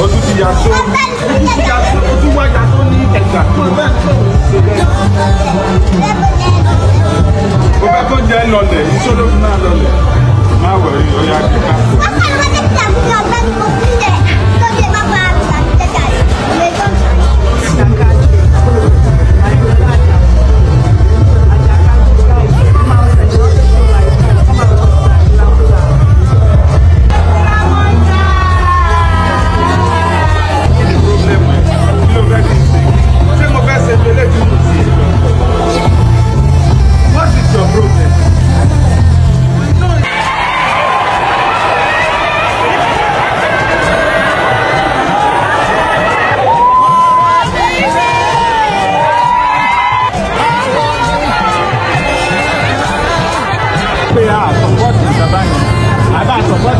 o tún ti yà tó o tún yà tó o tún wá yà tó ní ẹgbà They are supporting Savannah. About